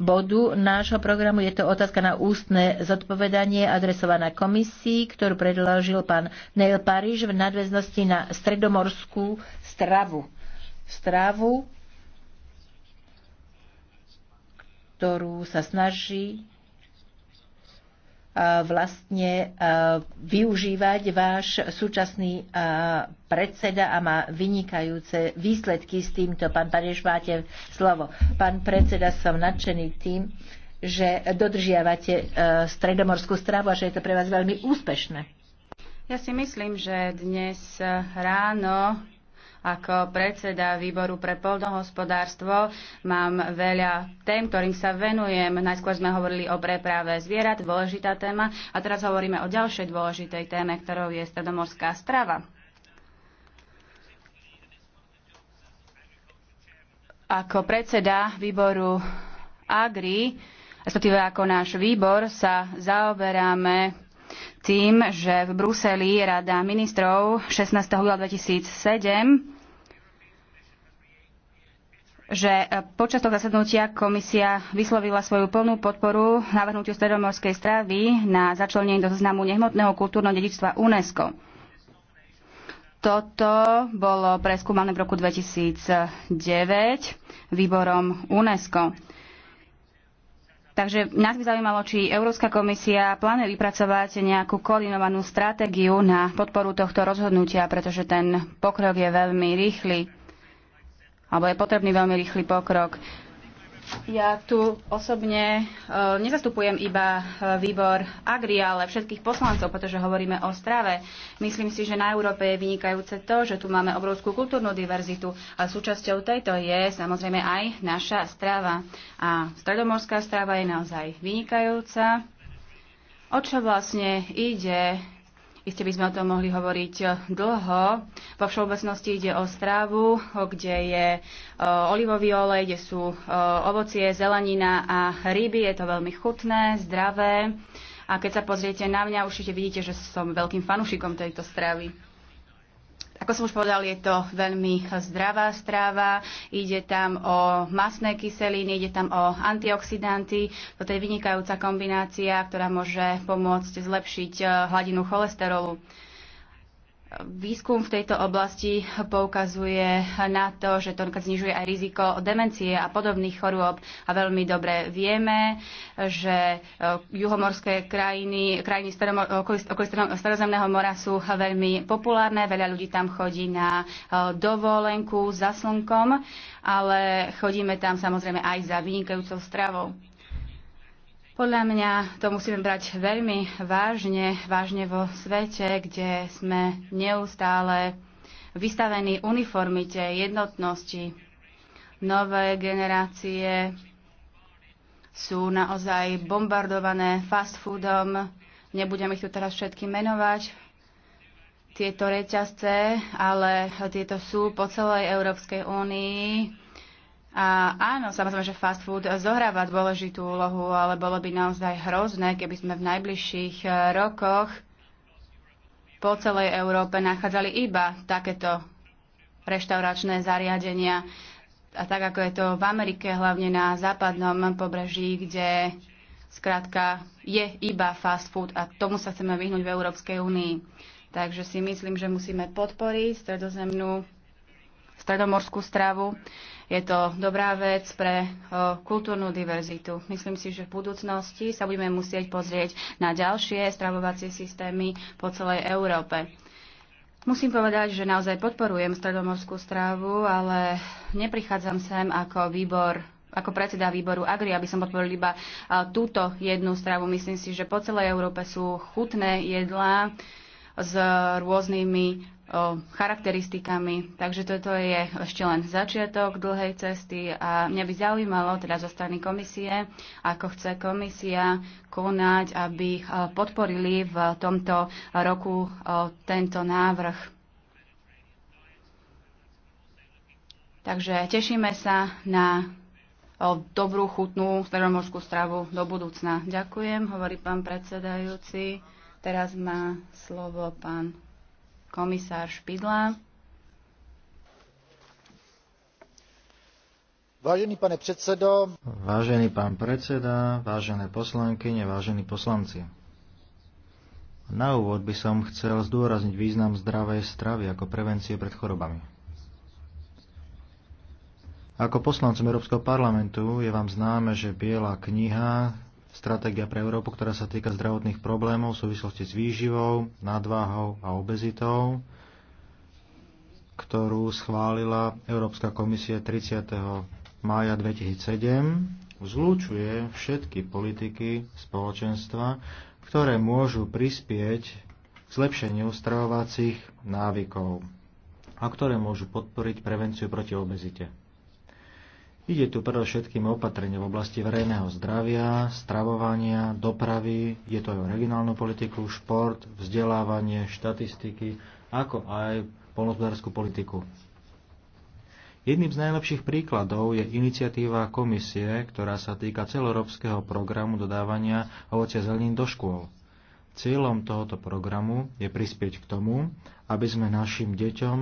bodu nášho programu. Je to otázka na ústne zodpovedanie adresovaná komisii, ktorú predložil pán Neil Parish v nadväznosti na stredomorskú stravu. Stravu, ktorú sa snaží vlastne využívať váš súčasný predseda a má vynikajúce výsledky s týmto. Pán Padež, máte slovo. Pán predseda, som nadšený tým, že dodržiavate stredomorskú stravu a že je to pre vás veľmi úspešné. Ja si myslím, že dnes ráno ako predseda výboru pre poľnohospodárstvo mám veľa tém, ktorým sa venujem. Najskôr sme hovorili o preprave zvierat, dôležitá téma, a teraz hovoríme o ďalšej dôležitej téme, ktorou je stredomorská strava. Ako predseda výboru Agri, respektíve ako náš výbor, sa zaoberáme tým, že v Bruseli Rada ministrov 16. júla 2007 že počas toho zasadnutia komisia vyslovila svoju plnú podporu navrhnutiu stredomorskej stravy na začlenenie do zoznamu nehmotného kultúrneho dedičstva UNESCO. Toto bolo preskúmané v roku 2009 výborom UNESCO. Takže nás by zaujímalo, či Európska komisia plánuje vypracovať nejakú koordinovanú stratégiu na podporu tohto rozhodnutia, pretože ten pokrok je veľmi rýchly, alebo je potrebný veľmi rýchly pokrok. Ja tu osobne e, nezastupujem iba e, výbor Agri, ale všetkých poslancov, pretože hovoríme o strave. Myslím si, že na Európe je vynikajúce to, že tu máme obrovskú kultúrnu diverzitu, ale súčasťou tejto je samozrejme aj naša strava. A stredomorská strava je naozaj vynikajúca. O čo vlastne ide Isté by sme o tom mohli hovoriť eh, dlho. Vo všeobecnosti ide o strávu, kde je eh, olivový olej, kde sú eh, ovocie, zelenina a ryby. Je to veľmi chutné, zdravé. A keď sa pozriete na mňa, určite vidíte, že som veľkým fanušikom tejto stravy. Ako som už povedal, je to veľmi zdravá stráva, ide tam o masné kyseliny, ide tam o antioxidanty. Toto je vynikajúca kombinácia, ktorá môže pomôcť zlepšiť eh, hladinu cholesterolu. Výskum v tejto oblasti poukazuje na to, že to znižuje aj riziko demencie a podobných chorôb. A veľmi dobre vieme, že e, juhomorské krajiny, krajiny okolo Starozemného mora sú veľmi populárne. Veľa ľudí tam chodí na e, dovolenku za slnkom, ale chodíme tam samozrejme aj za vynikajúcou stravou. Podľa mňa to musíme brať veľmi vážne, vážne vo svete, kde sme neustále vystavení uniformite, jednotnosti. Nové generácie sú naozaj bombardované fast foodom, nebudem ich tu teraz všetky menovať, tieto reťazce, ale tieto sú po celej Európskej únii a áno, samozrejme, že fast food zohráva dôležitú úlohu, ale bolo by naozaj hrozné, keby sme v najbližších e, rokoch po celej Európe nachádzali iba takéto reštauračné zariadenia. A tak ako je to v Amerike, hlavne na západnom pobreží, kde skrátka je iba fast food a tomu sa chceme vyhnúť v Európskej únii. Takže si myslím, že musíme podporiť stredozemnú stredomorskú stravu. Je to dobrá vec pre kultúrnu diverzitu. Myslím si, že v budúcnosti sa budeme musieť pozrieť na ďalšie stravovacie systémy po celej Európe. Musím povedať, že naozaj podporujem stredomorskú stravu, ale neprichádzam sem ako výbor ako predseda výboru Agri, aby som podporil iba túto jednu stravu. Myslím si, že po celej Európe sú chutné jedlá s rôznymi charakteristikami. Takže toto je ešte len začiatok dlhej cesty a mňa by zaujímalo teda zo strany komisie, ako chce komisia konať, aby eh, podporili v tomto roku eh, tento návrh. Takže tešíme sa na eh, dobrú, chutnú stredomorskú stravu do budúcna. Ďakujem, hovorí pán predsedajúci. Teraz má slovo pán komisár Špidla. Vážený pane predsedo. Vážený pán predseda, vážené poslankyne, vážení poslanci. Na úvod by som chcel zdôrazniť význam zdravej stravy ako prevencie pred chorobami. Ako poslancom Európskeho parlamentu je vám známe, že Biela kniha stratégia pre Európu, ktorá sa týka zdravotných problémov v súvislosti s výživou, nadváhou a obezitou, ktorú schválila Európska komisia 30. mája 2007, zlúčuje všetky politiky spoločenstva, ktoré môžu prispieť k zlepšeniu stravovacích návykov a ktoré môžu podporiť prevenciu proti obezite. Ide tu predovšetkým opatrenie v oblasti verejného zdravia, stravovania, dopravy, je to aj o regionálnu politiku, šport, vzdelávanie, štatistiky, ako aj polnospodárskú politiku. Jedným z najlepších príkladov je iniciatíva komisie, ktorá sa týka celoeurópskeho programu dodávania ovocia zelenín do škôl. Cieľom tohoto programu je prispieť k tomu, aby sme našim deťom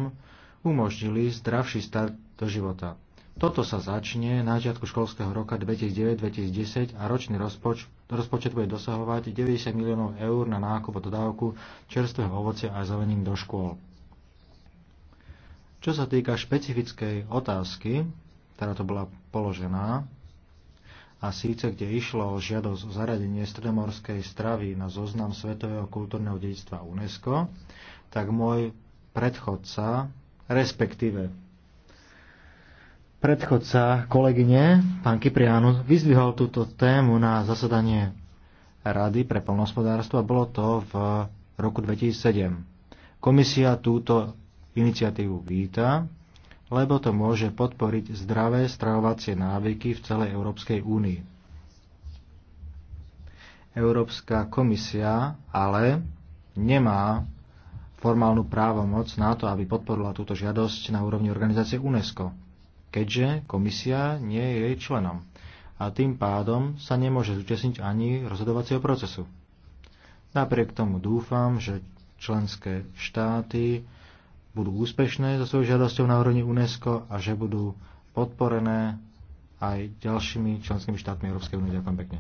umožnili zdravší start do života. Toto sa začne na začiatku školského roka 2009-2010 a ročný rozpoč, rozpočet bude dosahovať 90 miliónov eur na nákup a dodávku čerstvého ovocia a zelenín do škôl. Čo sa týka špecifickej otázky, ktorá to bola položená, a síce kde išlo o žiadosť o zaradenie stredomorskej stravy na zoznam svetového kultúrneho dedictva UNESCO, tak môj predchodca, respektíve predchodca kolegyne, pán Kypriánu, vyzdvihol túto tému na zasadanie Rady pre plnohospodárstvo a bolo to v roku 2007. Komisia túto iniciatívu víta, lebo to môže podporiť zdravé stravovacie návyky v celej Európskej únii. Európska komisia ale nemá formálnu právomoc na to, aby podporila túto žiadosť na úrovni organizácie UNESCO keďže komisia nie je jej členom a tým pádom sa nemôže zúčastniť ani rozhodovacieho procesu. Napriek tomu dúfam, že členské štáty budú úspešné so svojou žiadosťou na úrovni UNESCO a že budú podporené aj ďalšími členskými štátmi Európskej únie. Ďakujem pekne.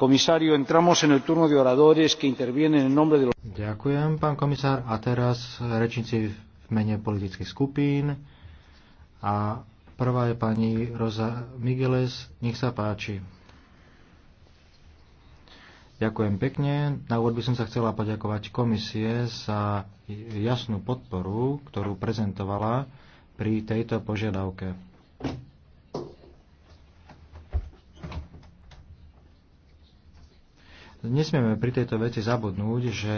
Komisario, entramos en el turno de oradores que intervienen en nombre de los... Ďakujem, pán komisár. A teraz rečníci v mene politických skupín. A Prvá je pani Rosa Migeles. Nech sa páči. Ďakujem pekne. Na úvod by som sa chcela poďakovať komisie za jasnú podporu, ktorú prezentovala pri tejto požiadavke. Nesmieme pri tejto veci zabudnúť, že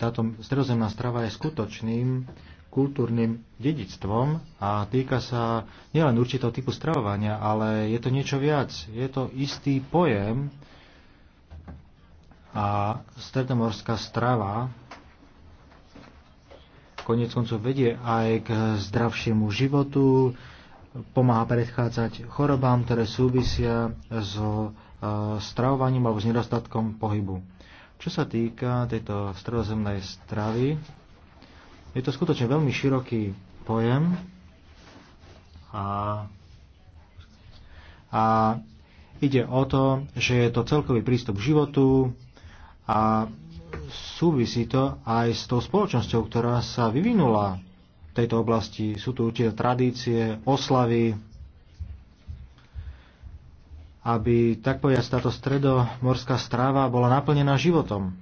táto stredozemná strava je skutočným kultúrnym dedictvom a týka sa nielen určitého typu stravovania, ale je to niečo viac. Je to istý pojem a stredomorská strava konec koncov vedie aj k zdravšiemu životu, pomáha predchádzať chorobám, ktoré súvisia so e, stravovaním alebo s nedostatkom pohybu. Čo sa týka tejto stredozemnej stravy, je to skutočne veľmi široký pojem a, a ide o to, že je to celkový prístup k životu a súvisí to aj s tou spoločnosťou, ktorá sa vyvinula v tejto oblasti. Sú tu určité tradície, oslavy, aby tak povedať táto stredomorská strava bola naplnená životom.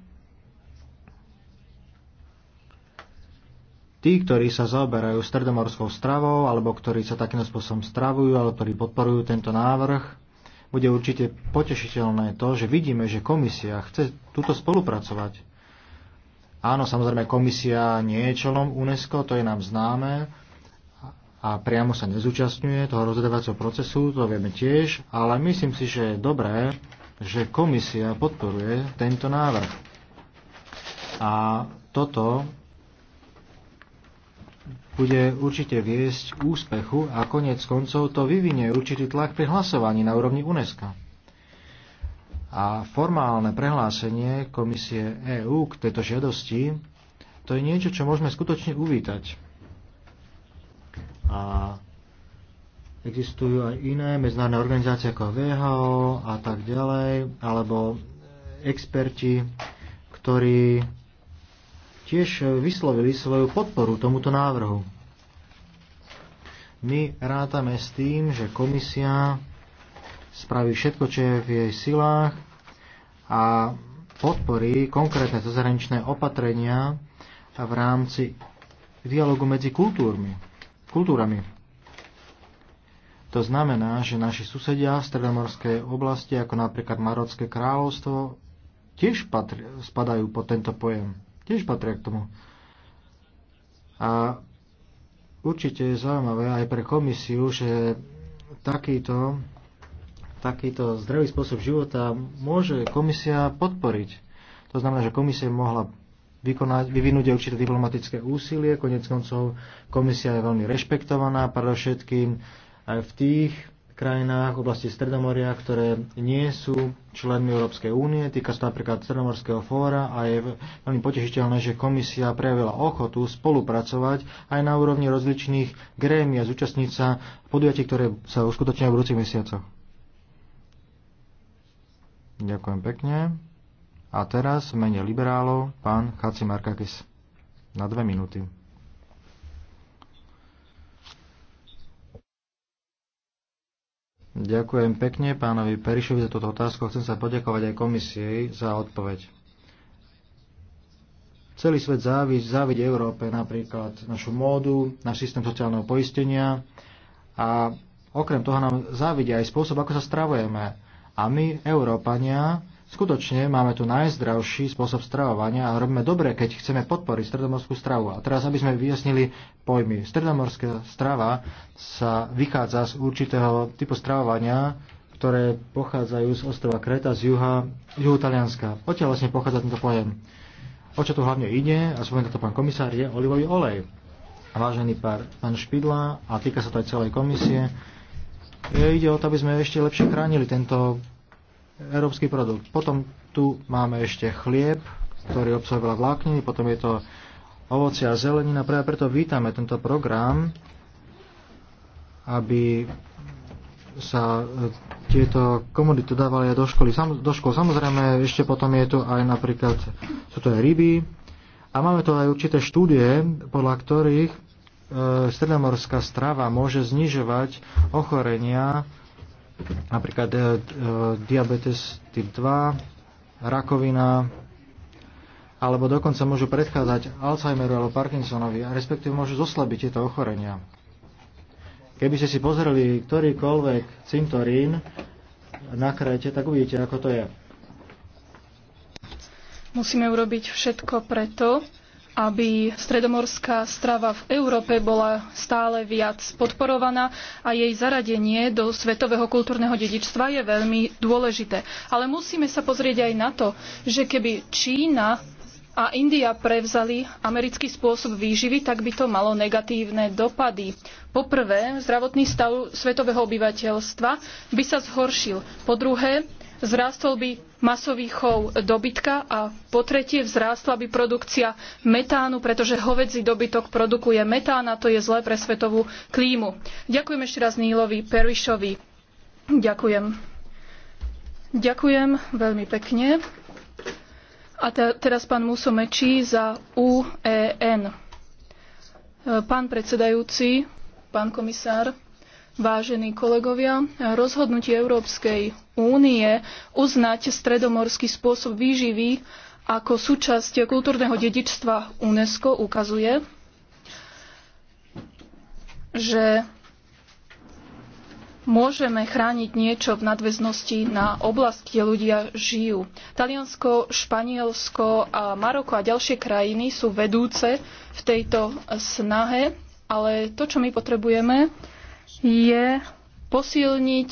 tí, ktorí sa zaoberajú stredomorskou stravou alebo ktorí sa takým spôsobom stravujú alebo ktorí podporujú tento návrh, bude určite potešiteľné to, že vidíme, že komisia chce túto spolupracovať. Áno, samozrejme, komisia nie je členom UNESCO, to je nám známe a priamo sa nezúčastňuje toho rozhodovacieho procesu, to vieme tiež, ale myslím si, že je dobré, že komisia podporuje tento návrh. A toto bude určite viesť k úspechu a konec koncov to vyvinie určitý tlak pri hlasovaní na úrovni UNESCO. A formálne prehlásenie Komisie EÚ k tejto žiadosti to je niečo, čo môžeme skutočne uvítať. A existujú aj iné medzinárodné organizácie ako VHO a tak ďalej, alebo experti, ktorí tiež vyslovili svoju podporu tomuto návrhu. My rátame s tým, že komisia spraví všetko, čo je v jej silách a podporí konkrétne zahraničné opatrenia v rámci dialogu medzi kultúrmi, kultúrami. To znamená, že naši susedia v stredomorskej oblasti, ako napríklad Marocké kráľovstvo, tiež spadajú pod tento pojem tiež patria k tomu. A určite je zaujímavé aj pre komisiu, že takýto, takýto zdravý spôsob života môže komisia podporiť. To znamená, že komisia mohla vykonať, vyvinúť aj určité diplomatické úsilie. Konec koncov komisia je veľmi rešpektovaná, predovšetkým aj v tých krajinách v oblasti Stredomoria, ktoré nie sú členmi Európskej únie. Týka sa napríklad Stredomorského fóra a je veľmi potešiteľné, že komisia prejavila ochotu spolupracovať aj na úrovni rozličných grémi a zúčastniť sa podujatí, ktoré sa uskutočnia v budúcich mesiacoch. Ďakujem pekne. A teraz v mene liberálov pán Chaci Markakis. Na dve minúty. Ďakujem pekne pánovi Perišovi za túto otázku. Chcem sa poďakovať aj komisii za odpoveď. Celý svet závidí, závidí Európe napríklad našu módu, náš systém sociálneho poistenia a okrem toho nám závidia aj spôsob, ako sa stravujeme. A my, Európania, Skutočne máme tu najzdravší spôsob stravovania a robíme dobre, keď chceme podporiť stredomorskú stravu. A teraz, aby sme vyjasnili pojmy. Stredomorská strava sa vychádza z určitého typu stravovania, ktoré pochádzajú z ostrova Kreta z juha, juhu Talianska. Odtiaľ vlastne pochádza tento pojem. O čo tu hlavne ide, a spomenul to pán komisár, je olivový olej. Vážený pár, pán Špidla, a týka sa to aj celej komisie, e, ide o to, aby sme ešte lepšie chránili tento európsky produkt. Potom tu máme ešte chlieb, ktorý obsahuje veľa vlákniny, potom je to ovoci a zelenina. Práve preto vítame tento program, aby sa e, tieto komodity dávali aj do školy. Sam, do škol. samozrejme, ešte potom je tu aj napríklad, sú to aj ryby. A máme tu aj určité štúdie, podľa ktorých e, stredomorská strava môže znižovať ochorenia napríklad e, e, diabetes typ 2, rakovina, alebo dokonca môžu predchádzať Alzheimeru alebo Parkinsonovi, a respektíve môžu zoslabiť tieto ochorenia. Keby ste si pozreli ktorýkoľvek cintorín na krajte, tak uvidíte, ako to je. Musíme urobiť všetko preto, aby stredomorská strava v Európe bola stále viac podporovaná a jej zaradenie do svetového kultúrneho dedičstva je veľmi dôležité. Ale musíme sa pozrieť aj na to, že keby Čína a India prevzali americký spôsob výživy, tak by to malo negatívne dopady. Poprvé, zdravotný stav svetového obyvateľstva by sa zhoršil. Po druhé, vzrástol by masový chov dobytka a po tretie vzrástla by produkcia metánu, pretože hovedzí dobytok produkuje metán a to je zlé pre svetovú klímu. Ďakujem ešte raz Nílovi Perishovi. Ďakujem. Ďakujem veľmi pekne. A te, teraz pán Muso Mečí za UEN. Pán predsedajúci, pán komisár, Vážení kolegovia, rozhodnutie Európskej únie uznať stredomorský spôsob výživy ako súčasť kultúrneho dedičstva UNESCO ukazuje, že môžeme chrániť niečo v nadväznosti na oblasť, kde ľudia žijú. Taliansko, Španielsko a Maroko a ďalšie krajiny sú vedúce v tejto snahe, ale to, čo my potrebujeme, je posilniť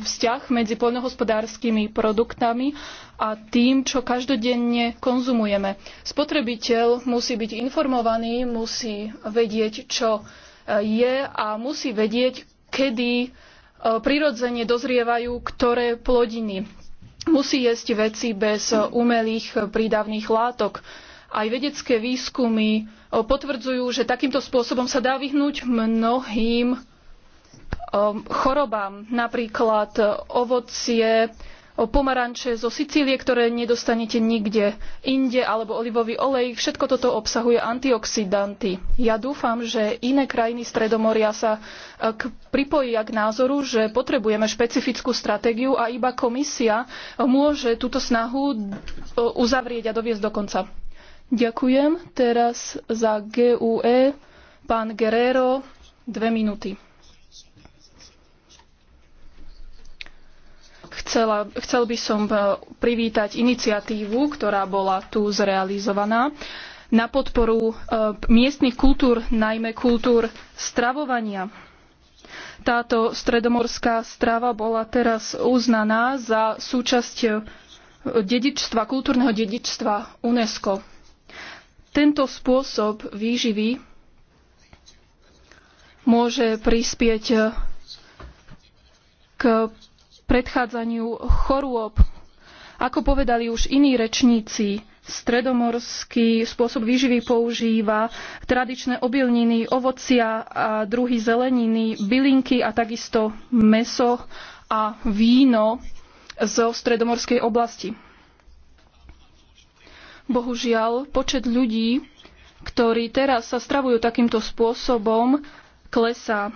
vzťah medzi poľnohospodárskymi produktami a tým, čo každodenne konzumujeme. Spotrebiteľ musí byť informovaný, musí vedieť, čo e, je a musí vedieť, kedy e, prirodzene dozrievajú ktoré plodiny. Musí jesť veci bez e, umelých prídavných látok. Aj vedecké výskumy potvrdzujú, že takýmto spôsobom sa dá vyhnúť mnohým Um, chorobám. Napríklad uh, ovocie, uh, pomaranče zo Sicílie, ktoré nedostanete nikde inde, alebo olivový olej. Všetko toto obsahuje antioxidanty. Ja dúfam, že iné krajiny Stredomoria sa uh, k, pripojia k názoru, že potrebujeme špecifickú stratégiu a iba komisia môže túto snahu uzavrieť a doviesť do konca. Ďakujem. Teraz za GUE pán Guerrero dve minúty. Chcela, chcel by som e, privítať iniciatívu, ktorá bola tu zrealizovaná na podporu e, miestnych kultúr, najmä kultúr stravovania. Táto stredomorská strava bola teraz uznaná za súčasť e, dedičstva, kultúrneho dedičstva UNESCO. Tento spôsob výživy môže prispieť k predchádzaniu chorôb. Ako povedali už iní rečníci, stredomorský spôsob výživy používa tradičné obilniny, ovocia a druhy zeleniny, bylinky a takisto meso a víno zo stredomorskej oblasti. Bohužiaľ, počet ľudí, ktorí teraz sa stravujú takýmto spôsobom, klesá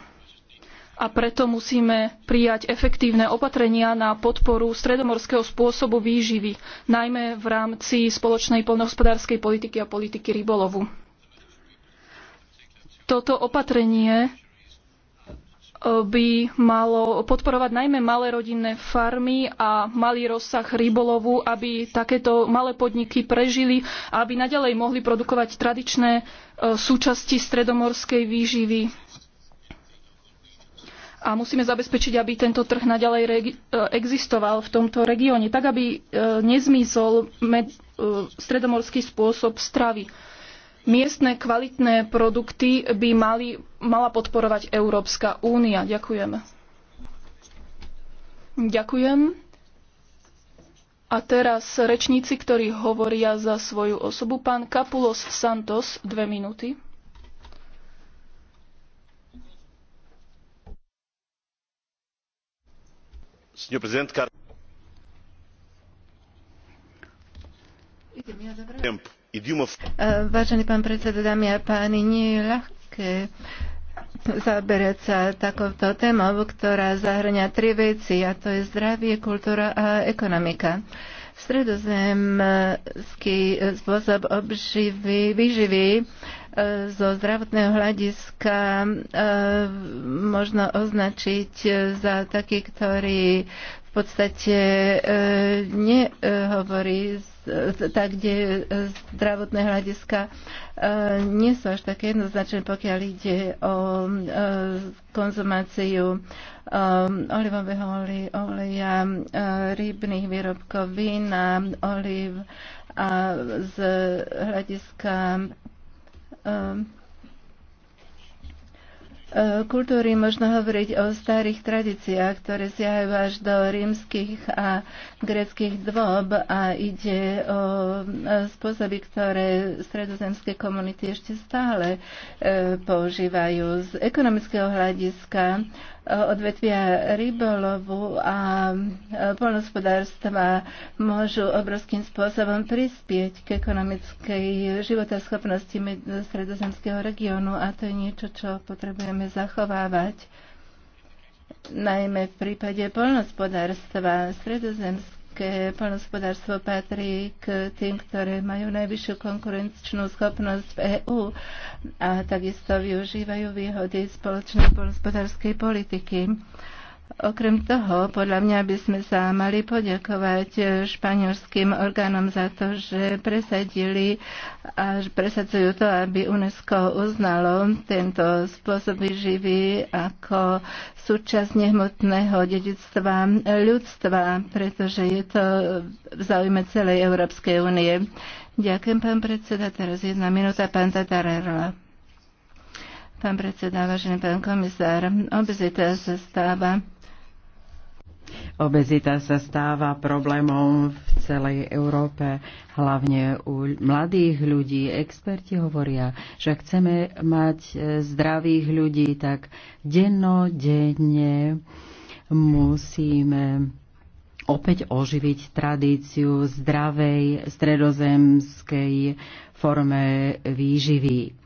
a preto musíme prijať efektívne opatrenia na podporu stredomorského spôsobu výživy, najmä v rámci spoločnej poľnohospodárskej politiky a politiky rybolovu. Toto opatrenie e, by malo podporovať najmä malé rodinné farmy a malý rozsah rybolovu, aby takéto malé podniky prežili a aby naďalej mohli produkovať tradičné e, súčasti stredomorskej výživy a musíme zabezpečiť, aby tento trh naďalej e, existoval v tomto regióne, tak aby e, nezmizol med- e, stredomorský spôsob stravy. Miestne kvalitné produkty by mali, mala podporovať Európska únia. Ďakujem. Ďakujem. A teraz rečníci, ktorí hovoria za svoju osobu. Pán Kapulos Santos, dve minúty. Senhor Presidente, caro... E eh, vážený pán predseda, dámy a páni, nie je ľahké zaberať sa takouto témou, ktorá zahrňa tri veci, a to je zdravie, kultúra a ekonomika. Stredozemský spôsob obživy, výživy zo zdravotného hľadiska e, možno označiť za taký, ktorý v podstate e, nehovorí tak, kde zdravotné hľadiska e, nie sú až také jednoznačné, pokiaľ ide o konzumáciu olivového oleja, rybných výrobkov, vína, oliv a z hľadiska Ehm, ehm, kultúry možno hovoriť o starých tradíciách, ktoré siahajú až do rímskych a greckých dôb a ide o e, spôsoby, ktoré stredozemské komunity ešte stále e, používajú. Z ekonomického hľadiska odvetvia rybolovu a e, polnospodárstva môžu obrovským spôsobom prispieť k ekonomickej životaschopnosti stredozemského regiónu a to je niečo, čo potrebujeme zachovávať najmä v prípade polnospodárstva stredozemského Európske poľnohospodárstvo patrí k tým, ktoré majú najvyššiu konkurenčnú schopnosť v EÚ a takisto využívajú výhody spoločnej poľnohospodárskej politiky. Okrem toho, podľa mňa by sme sa mali poďakovať španielským orgánom za to, že presadili a presadzujú to, aby UNESCO uznalo tento spôsob výživy ako súčasť nehmotného dedictva ľudstva, pretože je to v záujme celej Európskej únie. Ďakujem, pán predseda. Teraz jedna minúta, pán Tatarerla. Pán predseda, vážený pán komisár, obezita sa stáva Obezita sa stáva problémom v celej Európe, hlavne u mladých ľudí. Experti hovoria, že ak chceme mať e, zdravých ľudí, tak dennodenne musíme opäť oživiť tradíciu zdravej stredozemskej forme výživy.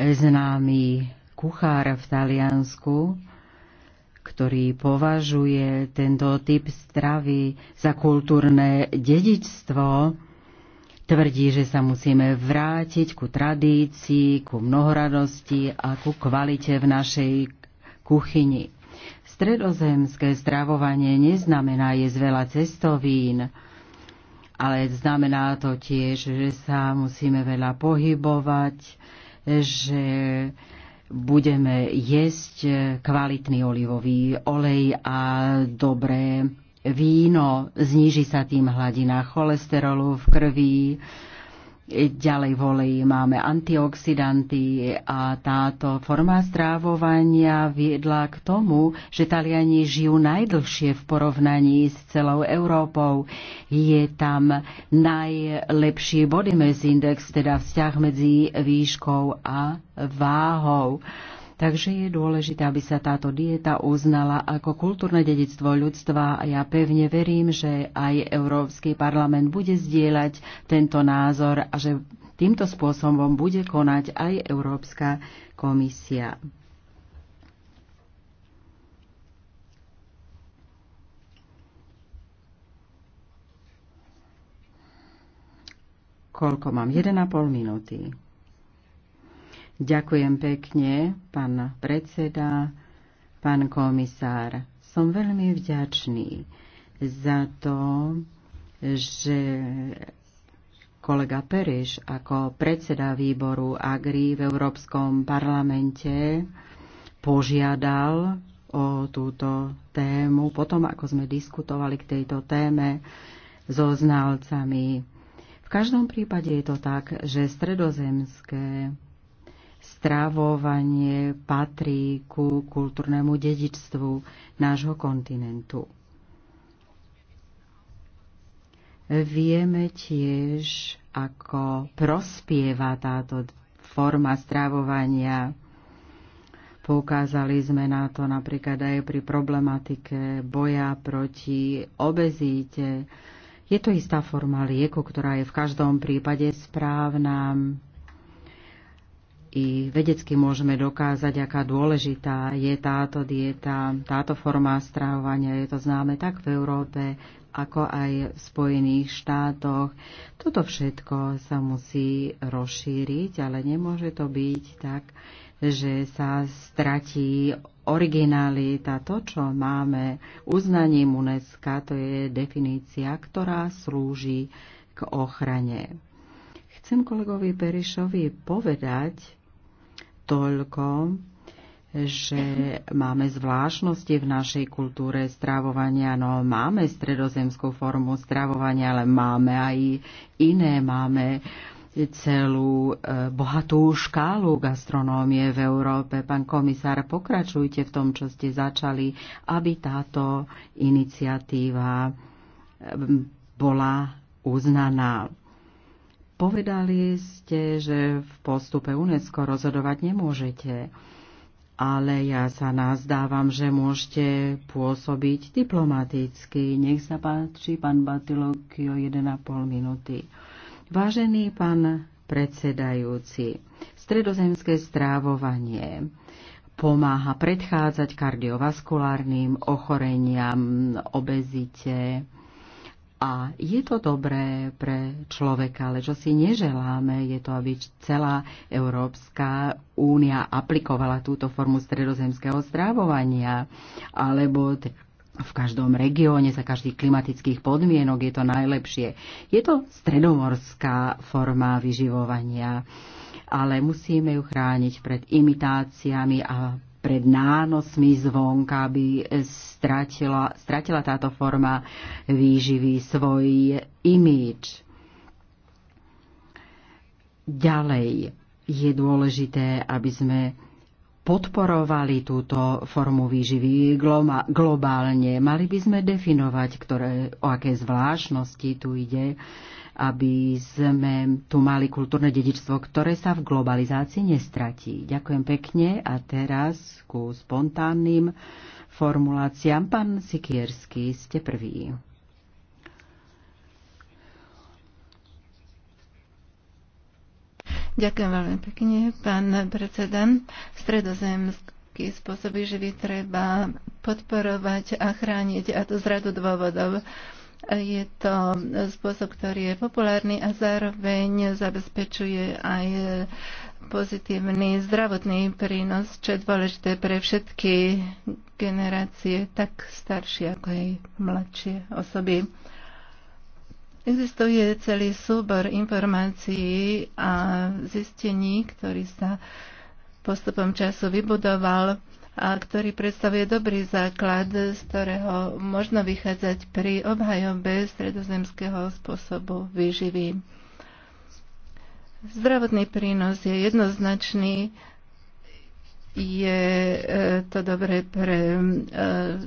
Známy kuchár v Taliansku ktorý považuje tento typ stravy za kultúrne dedičstvo, tvrdí, že sa musíme vrátiť ku tradícii, ku mnohoradosti a ku kvalite v našej kuchyni. Stredozemské stravovanie neznamená jesť veľa cestovín, ale znamená to tiež, že sa musíme veľa pohybovať, že budeme jesť kvalitný olivový olej a dobré víno. Zníži sa tým hladina cholesterolu v krvi, Ďalej volej máme antioxidanty a táto forma strávovania viedla k tomu, že Taliani žijú najdlhšie v porovnaní s celou Európou. Je tam najlepší body mass index, teda vzťah medzi výškou a váhou. Takže je dôležité, aby sa táto dieta uznala ako kultúrne dedictvo ľudstva a ja pevne verím, že aj Európsky parlament bude zdieľať tento názor a že týmto spôsobom bude konať aj Európska komisia. Koľko mám? 1,5 minúty. Ďakujem pekne, pán predseda, pán komisár. Som veľmi vďačný za to, že kolega Periš ako predseda výboru Agri v Európskom parlamente požiadal o túto tému. Potom, ako sme diskutovali k tejto téme so znalcami, v každom prípade je to tak, že stredozemské strávovanie patrí ku kultúrnemu dedičstvu nášho kontinentu. Vieme tiež, ako prospieva táto forma strávovania. Poukázali sme na to napríklad aj pri problematike boja proti obezíte. Je to istá forma lieku, ktorá je v každom prípade správna i vedecky môžeme dokázať, aká dôležitá je táto dieta, táto forma stravovania. Je to známe tak v Európe, ako aj v Spojených štátoch. Toto všetko sa musí rozšíriť, ale nemôže to byť tak, že sa stratí originalita. To, čo máme uznaním UNESCO, to je definícia, ktorá slúži k ochrane. Chcem kolegovi Perišovi povedať, toľko, že máme zvláštnosti v našej kultúre stravovania. No, máme stredozemskú formu stravovania, ale máme aj iné. Máme celú e, bohatú škálu gastronómie v Európe. Pán komisár, pokračujte v tom, čo ste začali, aby táto iniciatíva bola uznaná. Povedali ste, že v postupe UNESCO rozhodovať nemôžete, ale ja sa nazdávam, že môžete pôsobiť diplomaticky. Nech sa páči, pán Batilokio, 1,5 minúty. Vážený pán predsedajúci, stredozemské strávovanie pomáha predchádzať kardiovaskulárnym ochoreniam, obezite, a je to dobré pre človeka, ale čo si neželáme, je to, aby celá Európska únia aplikovala túto formu stredozemského strávovania, alebo v každom regióne za každých klimatických podmienok je to najlepšie. Je to stredomorská forma vyživovania, ale musíme ju chrániť pred imitáciami a pred nánosmi zvonka, aby stratila, stratila táto forma výživy svoj imíč. Ďalej je dôležité, aby sme podporovali túto formu výživy globálne. Mali by sme definovať, ktoré, o aké zvláštnosti tu ide aby sme tu mali kultúrne dedičstvo, ktoré sa v globalizácii nestratí. Ďakujem pekne a teraz ku spontánnym formuláciám. Pán Sikierský, ste prvý. Ďakujem veľmi pekne, pán predseda. Stredozemský spôsoby, živy treba podporovať a chrániť, a to z radu dôvodov. Je to spôsob, ktorý je populárny a zároveň zabezpečuje aj pozitívny zdravotný prínos, čo je dôležité pre všetky generácie, tak staršie ako aj mladšie osoby. Existuje celý súbor informácií a zistení, ktorý sa postupom času vybudoval a ktorý predstavuje dobrý základ, z ktorého možno vychádzať pri obhajobe stredozemského spôsobu výživy. Zdravotný prínos je jednoznačný, je e, to dobré pre e,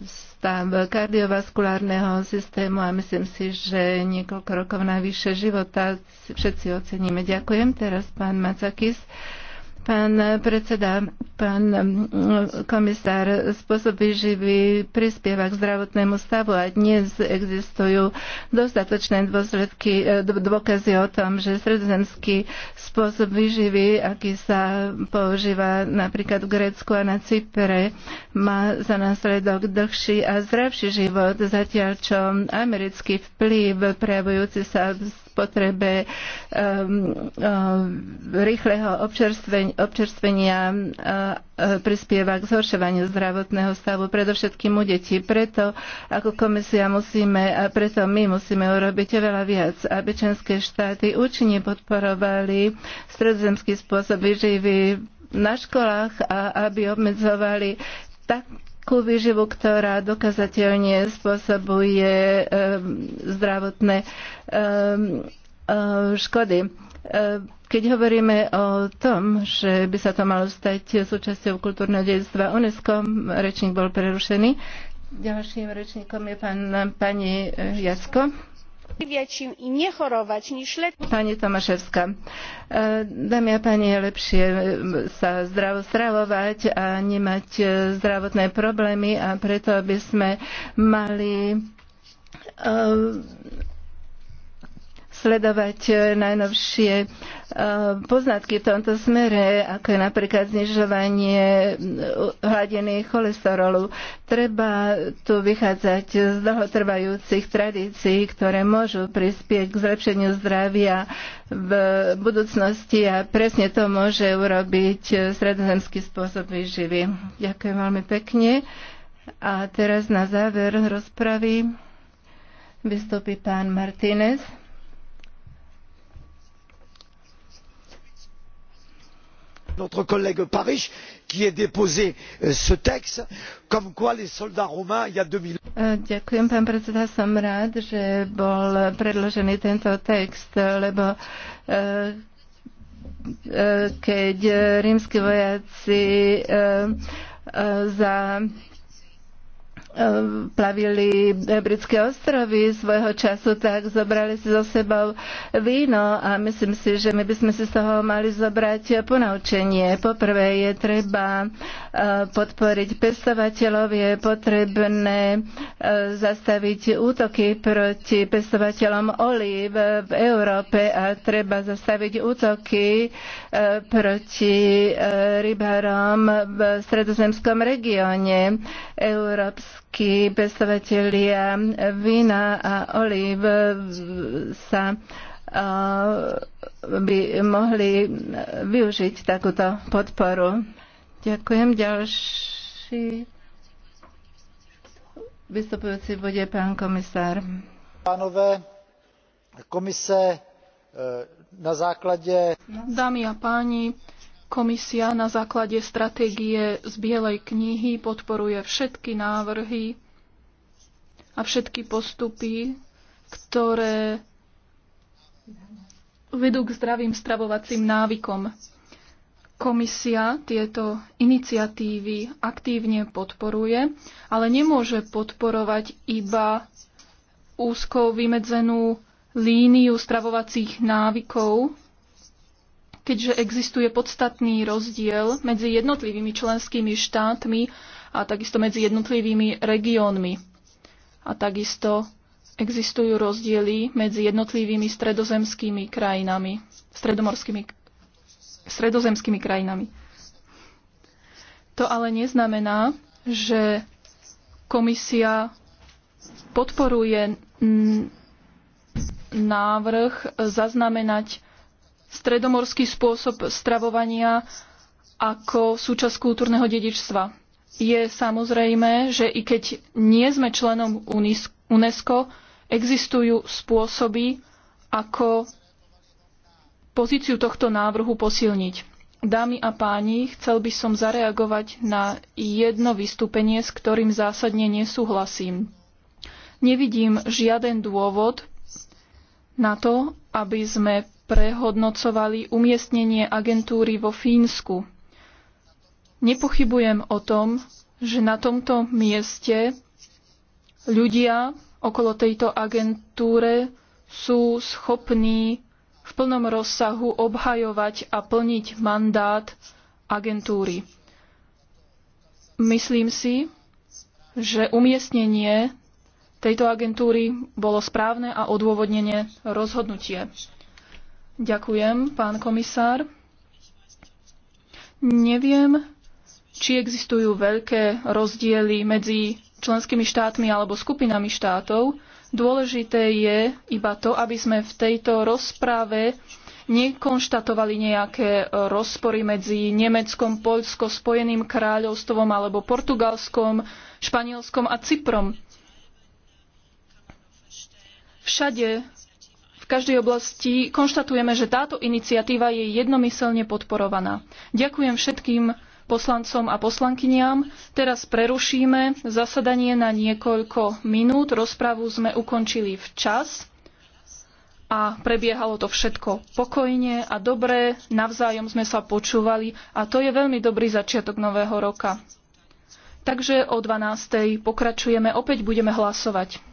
stav kardiovaskulárneho systému a myslím si, že niekoľko rokov na vyššie života všetci oceníme. Ďakujem. Teraz pán Macakis. Pán predseda, pán mm, komisár, spôsob výživy prispieva k zdravotnému stavu a dnes existujú dostatočné dôsledky, e, dôkazy o tom, že sredozemský spôsob výživy, aký sa používa napríklad v Grécku a na Cypre, má za následok dlhší a zdravší život, zatiaľ čo americký vplyv prejavujúci sa v Um, um, rýchleho občerstvenia uh, uh, prispieva k zhoršovaniu zdravotného stavu, predovšetkým u detí. Preto ako komisia musíme a preto my musíme urobiť oveľa viac, aby členské štáty účinne podporovali stredozemský spôsob výživy na školách a aby obmedzovali tak ku výživu, ktorá dokazateľne spôsobuje ehm, zdravotné ehm, ehm, škody. Keď hovoríme o tom, že by sa to malo stať súčasťou kultúrneho dedictva UNESCO, rečník bol prerušený. Ďalším rečníkom je pán, pani Jasko. Pani Tomaszewska, e, dámy a páni, je lepšie e, sa zdravo stravovať a nemať e, zdravotné problémy a preto by sme mali sledovať najnovšie Ehm, poznatky v tomto smere, ako je napríklad znižovanie eh, hladiny cholesterolu. Treba tu vychádzať z dlhotrvajúcich tradícií, ktoré môžu prispieť k zlepšeniu zdravia v budúcnosti a presne to môže urobiť eh, stredozemský spôsob výživy. Ďakujem veľmi pekne. A teraz na záver rozpravy vystúpi pán Martínez. notre collègue parish qui ait déposé euh, ce texte comme quoi les soldats roumains il y a deux mille euh, Ďakujem, pán predseda, som rád, že bol predložený tento text, lebo e, e, keď rímsky vojaci e, za plavili britské ostrovy svojho času, tak zobrali si so sebou víno a myslím si, že my by sme si z toho mali zobrať ponaučenie. Poprvé je treba e, podporiť pestovateľov, je potrebné e, zastaviť útoky proti pestovateľom olív v Európe a treba zastaviť útoky e, proti rybárom v stredozemskom regióne. Európska veľkí pestovatelia vína a olív sa by mohli využiť takúto podporu. Ďakujem. Ďalší vystupujúci bude pán komisár. Pánové, komise e, na základe... Dámy a páni, Komisia na základe stratégie z Bielej knihy podporuje všetky návrhy a všetky postupy, ktoré vedú k zdravým stravovacím návykom. Komisia tieto iniciatívy aktívne podporuje, ale nemôže podporovať iba úzko vymedzenú líniu stravovacích návykov keďže existuje podstatný rozdiel medzi jednotlivými členskými štátmi a takisto medzi jednotlivými regiónmi. A takisto existujú rozdiely medzi jednotlivými stredozemskými krajinami, stredomorskými, stredozemskými krajinami. To ale neznamená, že komisia podporuje návrh zaznamenať stredomorský spôsob stravovania ako súčasť kultúrneho dedičstva. Je samozrejme, že i keď nie sme členom UNESCO, existujú spôsoby, ako pozíciu tohto návrhu posilniť. Dámy a páni, chcel by som zareagovať na jedno vystúpenie, s ktorým zásadne nesúhlasím. Nevidím žiaden dôvod na to, aby sme prehodnocovali umiestnenie agentúry vo Fínsku. Nepochybujem o tom, že na tomto mieste ľudia okolo tejto agentúre sú schopní v plnom rozsahu obhajovať a plniť mandát agentúry. Myslím si, že umiestnenie tejto agentúry bolo správne a odôvodnené rozhodnutie. Ďakujem, pán komisár. Neviem, či existujú veľké rozdiely medzi členskými štátmi alebo skupinami štátov. Dôležité je iba to, aby sme v tejto rozprave nekonštatovali nejaké rozpory medzi Nemeckom, Poľsko, Spojeným kráľovstvom alebo Portugalskom, Španielskom a Cyprom. Všade v každej oblasti konštatujeme, že táto iniciatíva je jednomyselne podporovaná. Ďakujem všetkým poslancom a poslankyniam. Teraz prerušíme zasadanie na niekoľko minút. Rozpravu sme ukončili včas a prebiehalo to všetko pokojne a dobre, navzájom sme sa počúvali a to je veľmi dobrý začiatok nového roka. Takže o 12.00 pokračujeme, opäť budeme hlasovať.